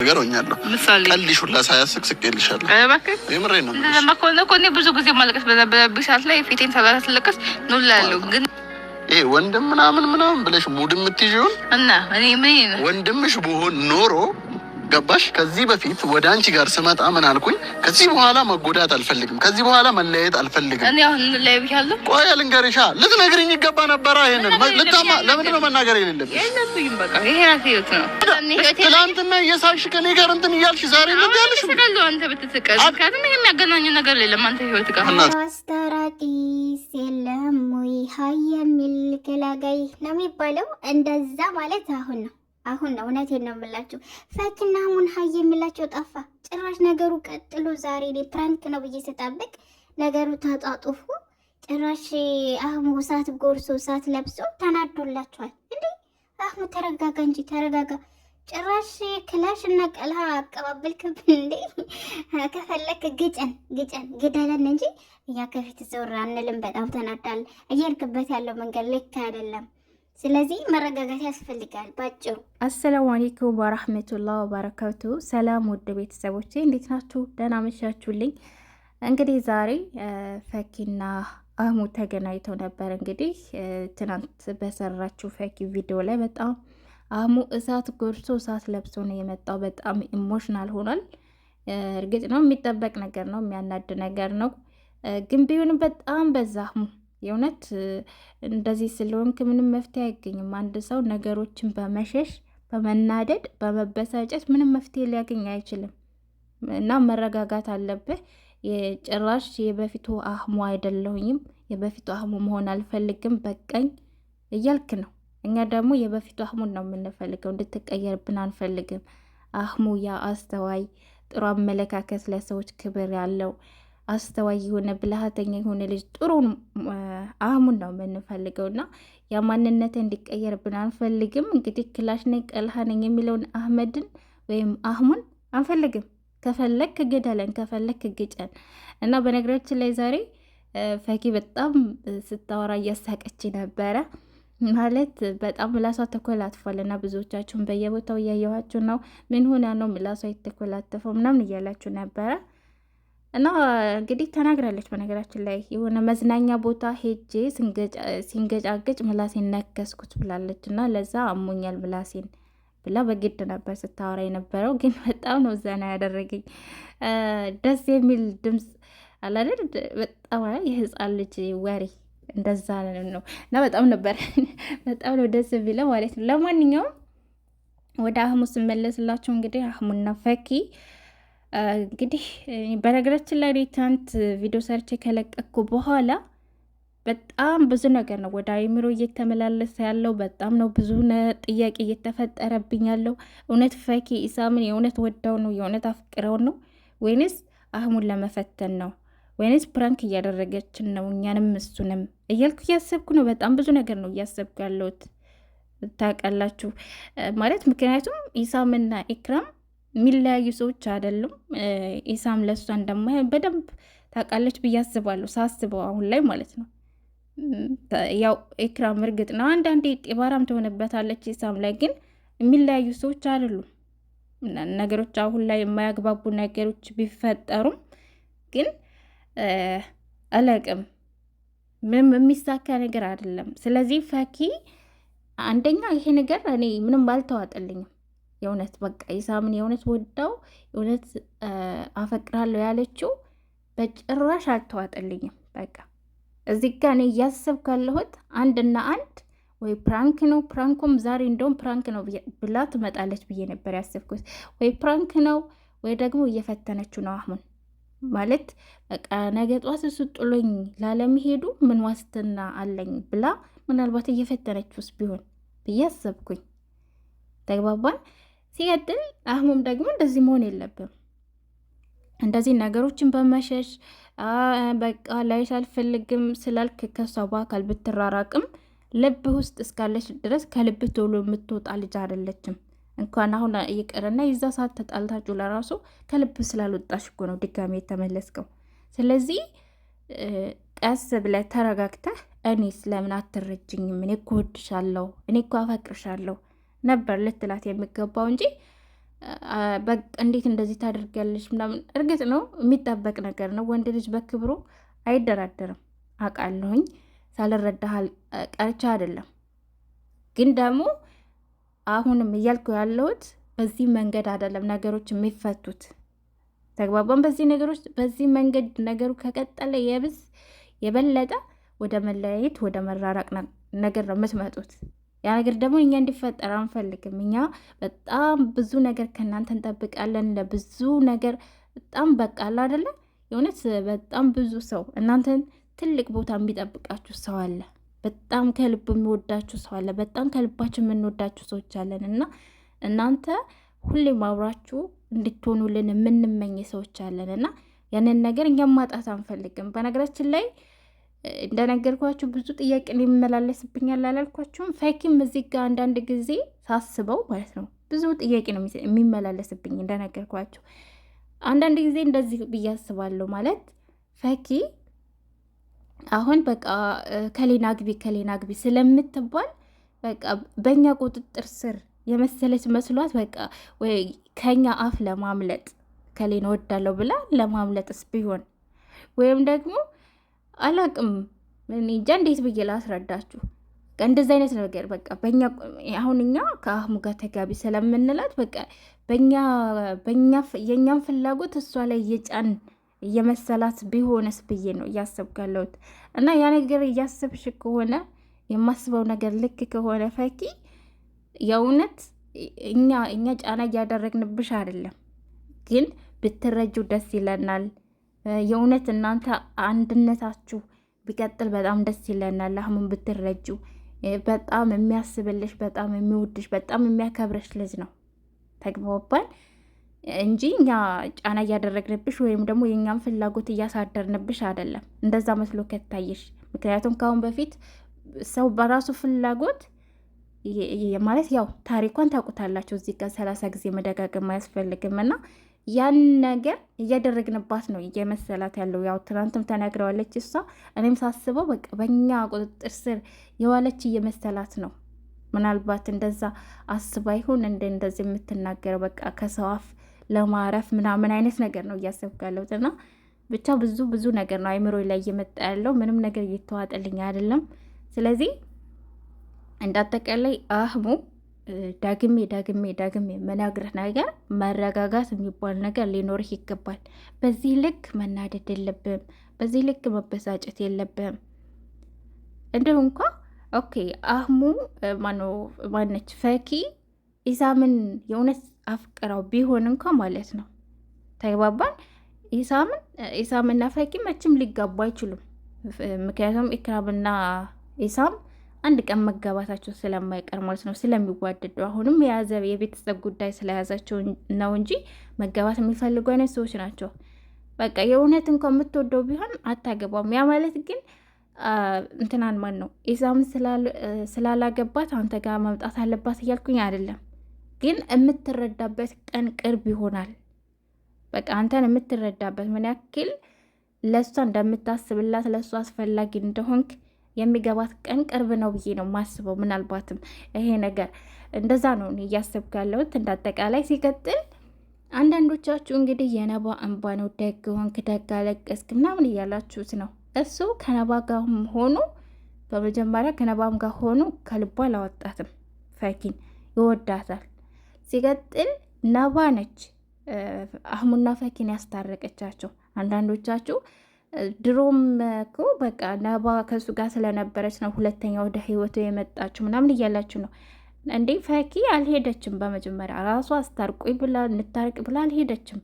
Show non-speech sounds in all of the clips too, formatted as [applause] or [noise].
ነገር ሆኛለሁ። ቀልሽ ሁላ ሳያስቅ ስቄልሻለሁ። የምሬን ነው። ብዙ ጊዜ ማለቀስ በነበረብኝ ሰዓት ላይ ፊቴን ሳላስለቀስ ኑላ ያለው ግን ይሄ ወንድም ምናምን ምናምን ብለሽ ሙድ የምትይዥውን እና ወንድምሽ በሆን ኖሮ ገባሽ? ከዚህ በፊት ወደ አንቺ ጋር ስመጣ ምን አልኩኝ? ከዚህ በኋላ መጎዳት አልፈልግም፣ ከዚህ በኋላ መለያየት አልፈልግም። እኔ አሁን ቆይ ልንገርሻ፣ ልትነግሪኝ ይገባ ነበረ። ይሄንን ልታማ ለምንድን ነው መናገር የሌለብሽ? ትናንትና እየሳቅሽ ከኔ ጋር እንትን እያልሽ ዛሬ ልትያልሽ አንተ ብትስቀል ምክንያቱም ይሄ የሚያገናኝ ነገር የለም አንተ ህይወት ጋር አስታራቂስ የለም ወይ ሀይ የሚል ገላጋይ ነው የሚባለው። እንደዛ ማለት አሁን ነው አሁን ነው እውነቴን ነው የምላችሁ፣ ፈኪና አሁን ሀይ የሚላቸው ጠፋ። ጭራሽ ነገሩ ቀጥሎ ዛሬ እኔ ፕራንክ ነው ብዬ ስጠብቅ ነገሩ ተጣጥፎ ጭራሽ አህሙ እሳት ጎርሶ እሳት ለብሶ ተናዶላቸዋል። እንዴ አህሙ ተረጋጋ እንጂ ተረጋጋ። ጭራሽ ክላሽ እና ቀልሃ አቀባበል ክብ እንዴ ከፈለክ ግጨን ግጨን ግደለን እንጂ እኛ ከፊት ዘወር አንልም። በጣም ተናዳል። እየሄድክበት ያለው መንገድ ልክ አይደለም። ስለዚህ መረጋጋት ያስፈልጋል። ባጭሩ አሰላሙ አሌይኩም ወራህመቱላህ ወበረካቱ። ሰላም ውድ ቤተሰቦች እንዴት ናችሁ? ደህና መሻችሁልኝ። እንግዲህ ዛሬ ፈኪና አህሙ ተገናኝተው ነበር። እንግዲህ ትናንት በሰራችው ፈኪ ቪዲዮ ላይ በጣም አህሙ እሳት ጎርሶ እሳት ለብሶ ነው የመጣው። በጣም ኢሞሽናል ሆኗል። እርግጥ ነው የሚጠበቅ ነገር ነው፣ የሚያናድ ነገር ነው። ግን ቢሆንም በጣም በዛ አህሙ የእውነት እንደዚህ ስለሆንክ ምንም መፍትሄ አይገኝም። አንድ ሰው ነገሮችን በመሸሽ በመናደድ በመበሳጨት ምንም መፍትሄ ሊያገኝ አይችልም እና መረጋጋት አለብህ። የጭራሽ የበፊቱ አህሙ አይደለሁኝም፣ የበፊቱ አህሙ መሆን አልፈልግም፣ በቀኝ እያልክ ነው። እኛ ደግሞ የበፊቱ አህሙን ነው የምንፈልገው፣ እንድትቀየርብን አንፈልግም። አህሙ ያ አስተዋይ ጥሩ አመለካከት ለሰዎች ክብር ያለው አስተዋይ የሆነ ብልሃተኛ የሆነ ልጅ ጥሩ አህሙን ነው የምንፈልገው እና ያ ማንነት እንዲቀየርብን አንፈልግም። እንግዲህ ክላሽ ነኝ ቀልሃ ነኝ የሚለውን አህመድን ወይም አህሙን አንፈልግም። ከፈለክ ግደለን፣ ከፈለክ ግጨን እና በነገራችን ላይ ዛሬ ፈኪ በጣም ስታወራ እያሳቀች ነበረ። ማለት በጣም ምላሷ ተኮላትፏል እና ብዙዎቻችሁን በየቦታው እያየኋችሁ ነው። ምን ሆና ነው ምላሷ የተኮላተፈው ምናምን እያላችሁ ነበረ። እና እንግዲህ ተናግራለች። በነገራችን ላይ የሆነ መዝናኛ ቦታ ሄጄ ሲንገጫገጭ ምላሴን ነከስኩት ብላለች። እና ለዛ አሞኛል ምላሴን ብላ በግድ ነበር ስታወራ የነበረው፣ ግን በጣም ነው ዘና ያደረገኝ። ደስ የሚል ድምፅ አላደር በጣም የህፃን ልጅ ወሬ እንደዛ ነው። እና በጣም ነበር [laughs] በጣም ነው ደስ የሚለው ማለት ነው። ለማንኛውም ወደ አህሙ ስመለስላቸው እንግዲህ አህሙና ፈኪ እንግዲህ በነገራችን ላይ ትናንት ቪዲዮ ሰርቼ ከለቀኩ በኋላ በጣም ብዙ ነገር ነው ወደ አይምሮ እየተመላለሰ ያለው። በጣም ነው ብዙ ጥያቄ እየተፈጠረብኝ ያለው። እውነት ፈኪ ኢሳምን የእውነት ወዳው ነው የእውነት አፍቅረው ነው ወይንስ አህሙን ለመፈተን ነው ወይንስ ፕራንክ እያደረገችን ነው እኛንም እሱንም እያልኩ እያሰብኩ ነው። በጣም ብዙ ነገር ነው እያሰብኩ ያለሁት ታውቃላችሁ ማለት ምክንያቱም ኢሳምና ኢክራም የሚለያዩ ሰዎች አይደሉም። ኢሳም ለእሷ እንደሞ በደንብ ታውቃለች ብዬ አስባለሁ፣ ሳስበው አሁን ላይ ማለት ነው። ያው ኤክራም እርግጥ ነው አንዳንዴ ጤባራም ትሆንበታለች ኢሳም ላይ ግን የሚለያዩ ሰዎች አይደሉም። ነገሮች አሁን ላይ የማያግባቡ ነገሮች ቢፈጠሩም ግን አለቅም ምንም የሚሳካ ነገር አይደለም። ስለዚህ ፈኪ አንደኛ ይሄ ነገር እኔ ምንም አልተዋጠልኝም። የእውነት በቃ ይሳምን የእውነት ወዳው የእውነት አፈቅራለሁ ያለችው በጭራሽ አልተዋጠልኝም። በቃ እዚህ ጋ እኔ እያሰብኩ ያለሁት አንድና አንድ ወይ ፕራንክ ነው። ፕራንኩም ዛሬ እንደውም ፕራንክ ነው ብላ ትመጣለች ብዬ ነበር ያሰብኩት። ወይ ፕራንክ ነው ወይ ደግሞ እየፈተነችው ነው አሁን ማለት በቃ ነገ ጧት እሱ ጥሎኝ ላለመሄዱ ምን ዋስትና አለኝ ብላ ምናልባት እየፈተነችውስ ቢሆን ብዬ አሰብኩኝ። ተግባባን። ሲቀጥል አህሙም ደግሞ እንደዚህ መሆን የለብም። እንደዚህ ነገሮችን በመሸሽ በቃ ላይሽ አልፈልግም ስላልክ ከሷ በአካል ብትራራቅም ልብህ ውስጥ እስካለች ድረስ ከልብ ቶሎ የምትወጣ ልጅ አይደለችም። እንኳን አሁን እየቀረና የዛ ሰዓት ተጣልታችሁ ለራሱ ከልብ ስላልወጣሽ እኮ ነው ድጋሚ የተመለስከው። ስለዚህ ቀስ ብለህ ተረጋግተህ እኔ ስለምን አትረጅኝም? እኔ እኮ እወድሻለሁ፣ እኔ እኮ አፈቅርሻለሁ ነበር ልትላት የሚገባው እንጂ እንዴት እንደዚህ ታደርጋለች ምናምን። እርግጥ ነው የሚጠበቅ ነገር ነው። ወንድ ልጅ በክብሩ አይደራደርም። አውቃለሁኝ ሳልረዳህ ቀርቻ አይደለም። ግን ደግሞ አሁንም እያልኩ ያለሁት በዚህ መንገድ አይደለም ነገሮች የሚፈቱት። ተግባባን። በዚህ ነገሮች በዚህ መንገድ ነገሩ ከቀጠለ የብስ የበለጠ ወደ መለያየት ወደ መራራቅ ነገር ነው የምትመጡት። ያ ነገር ደግሞ እኛ እንዲፈጠር አንፈልግም። እኛ በጣም ብዙ ነገር ከእናንተ እንጠብቃለን። ለብዙ ነገር በጣም በቃል አደለ የእውነት በጣም ብዙ ሰው እናንተን ትልቅ ቦታ የሚጠብቃችሁ ሰው አለ። በጣም ከልብ የሚወዳችሁ ሰው አለ። በጣም ከልባችሁ የምንወዳችሁ ሰዎች አለን እና እናንተ ሁሌም ማብራችሁ እንድትሆኑልን የምንመኝ ሰዎች አለን እና ያንን ነገር እኛ ማጣት አንፈልግም። በነገራችን ላይ እንደነገርኳችሁ ብዙ ጥያቄ የሚመላለስብኛል አላልኳችሁም? ፈኪም እዚህ ጋር አንዳንድ ጊዜ ሳስበው ማለት ነው ብዙ ጥያቄ ነው የሚመላለስብኝ። እንደነገርኳችሁ አንዳንድ ጊዜ እንደዚህ ብዬ አስባለሁ ማለት ፈኪ አሁን በቃ ከሌና ግቢ ከሌና ግቢ ስለምትባል በቃ በእኛ ቁጥጥር ስር የመሰለች መስሏት በቃ ወይ ከኛ አፍ ለማምለጥ ከሌን ወዳለው ብላ ለማምለጥስ ቢሆን ወይም ደግሞ አላቅም እንጃ እንዴት ብዬ ላስረዳችሁ። እንደዚህ አይነት ነገር በቃ በእኛ አሁን እኛ ከአህሙ ጋር ተጋቢ ስለምንላት በቃ በእኛ በእኛ የእኛን ፍላጎት እሷ ላይ እየጫን እየመሰላት ቢሆነስ ብዬ ነው እያሰብኩ ያለሁት። እና ያ ነገር እያሰብሽ ከሆነ የማስበው ነገር ልክ ከሆነ ፈኪ የእውነት እኛ እኛ ጫና እያደረግንብሽ አይደለም፣ ግን ብትረጁ ደስ ይለናል። የእውነት እናንተ አንድነታችሁ ቢቀጥል በጣም ደስ ይለናል። አህሙን ብትረጁ በጣም የሚያስብልሽ በጣም የሚወድሽ በጣም የሚያከብረሽ ልጅ ነው። ተግባባል እንጂ እኛ ጫና እያደረግንብሽ ወይም ደግሞ የእኛም ፍላጎት እያሳደርንብሽ አይደለም፣ እንደዛ መስሎ ከታየሽ። ምክንያቱም ከአሁን በፊት ሰው በራሱ ፍላጎት ማለት ያው ታሪኳን ታውቁታላቸው እዚህ ጋር ሰላሳ ጊዜ መደጋገም አያስፈልግም እና ያን ነገር እያደረግንባት ነው እየመሰላት ያለው። ያው ትናንትም ተናግረዋለች እሷ። እኔም ሳስበው በቃ በእኛ ቁጥጥር ስር የዋለች እየመሰላት ነው። ምናልባት እንደዛ አስባ ይሁን እንደ እንደዚህ የምትናገረው በቃ ከሰው አፍ ለማረፍ ምናምን አይነት ነገር ነው እያሰብኩ ያለሁት እና ብቻ ብዙ ብዙ ነገር ነው አይምሮ ላይ እየመጣ ያለው። ምንም ነገር እየተዋጠልኝ አይደለም። ስለዚህ እንዳጠቃላይ አህሙ ዳግሜ ዳግሜ ዳግሜ መናግርህ ነገር መረጋጋት የሚባል ነገር ሊኖርህ ይገባል። በዚህ ልክ መናደድ የለብም። በዚህ ልክ መበሳጨት የለብም። እንዲሁ እንኳ ኦኬ አህሙ ማኖ ማነች ፈኪ ኢሳምን የእውነት አፍቅራው ቢሆን እንኳ ማለት ነው ተግባባን። ኢሳምን ኢሳምና ፈኪ መቼም ሊጋቡ አይችሉም። ምክንያቱም ኢክራምና ኢሳም አንድ ቀን መጋባታቸው ስለማይቀር ማለት ነው ስለሚዋደዱ አሁንም የያዘ የቤተሰብ ጉዳይ ስለያዛቸው ነው እንጂ መጋባት የሚፈልጉ አይነት ሰዎች ናቸው። በቃ የእውነት እንኳ የምትወደው ቢሆን አታገባም። ያ ማለት ግን እንትናን ማን ነው ኢሳምን ስላላገባት አንተ ጋር መምጣት አለባት እያልኩኝ አይደለም፣ ግን የምትረዳበት ቀን ቅርብ ይሆናል። በቃ አንተን የምትረዳበት ምን ያክል ለእሷ እንደምታስብላት ለእሷ አስፈላጊ እንደሆንክ የሚገባት ቀን ቅርብ ነው ብዬ ነው የማስበው። ምናልባትም ይሄ ነገር እንደዛ ነው እያሰብኩ ያለሁት እንዳጠቃላይ ሲቀጥል አንዳንዶቻችሁ እንግዲህ የነባ እንባ ነው ደግ ሆንክ ደግ አለቀስክ ምናምን እያላችሁት ነው። እሱ ከነባ ጋር ሆኑ በመጀመሪያ ከነባም ጋር ሆኑ ከልቧ አላወጣትም። ፈኪን ይወዳታል። ሲቀጥል ነባ ነች አህሙና ፈኪን ያስታረቀቻቸው አንዳንዶቻችሁ ድሮም እኮ በቃ ነባ ከሱ ጋር ስለነበረች ነው ሁለተኛ ወደ ህይወቱ የመጣችው ምናምን እያላችሁ ነው እንዴ? ፈኪ አልሄደችም። በመጀመሪያ ራሱ አስታርቆኝ ብላ እንታርቅ ብላ አልሄደችም።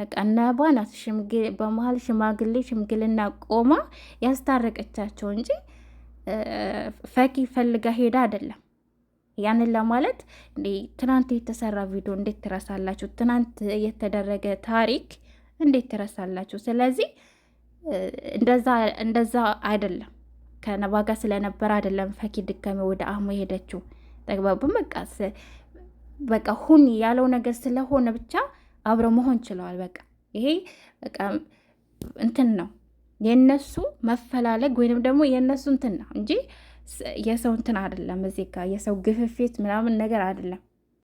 በቃ ነባ ናት በመሀል ሽማግሌ ሽምግልና ቆማ ያስታረቀቻቸው እንጂ ፈኪ ፈልጋ ሄዳ አይደለም። ያንን ለማለት ትናንት የተሰራ ቪዲዮ እንዴት ትረሳላችሁ? ትናንት የተደረገ ታሪክ እንዴት ትረሳላችሁ? ስለዚህ እንደዛ አይደለም። ከነባ ጋር ስለነበረ አይደለም ፈኪ ድጋሚ ወደ አህሙ የሄደችው። ተግባቡን። በቃ በቃ ሁን ያለው ነገር ስለሆነ ብቻ አብረው መሆን ችለዋል። በቃ ይሄ በቃ እንትን ነው የእነሱ መፈላለግ ወይንም ደግሞ የእነሱ እንትን ነው እንጂ የሰው እንትን አይደለም። እዚህ ጋር የሰው ግፍፊት ምናምን ነገር አይደለም።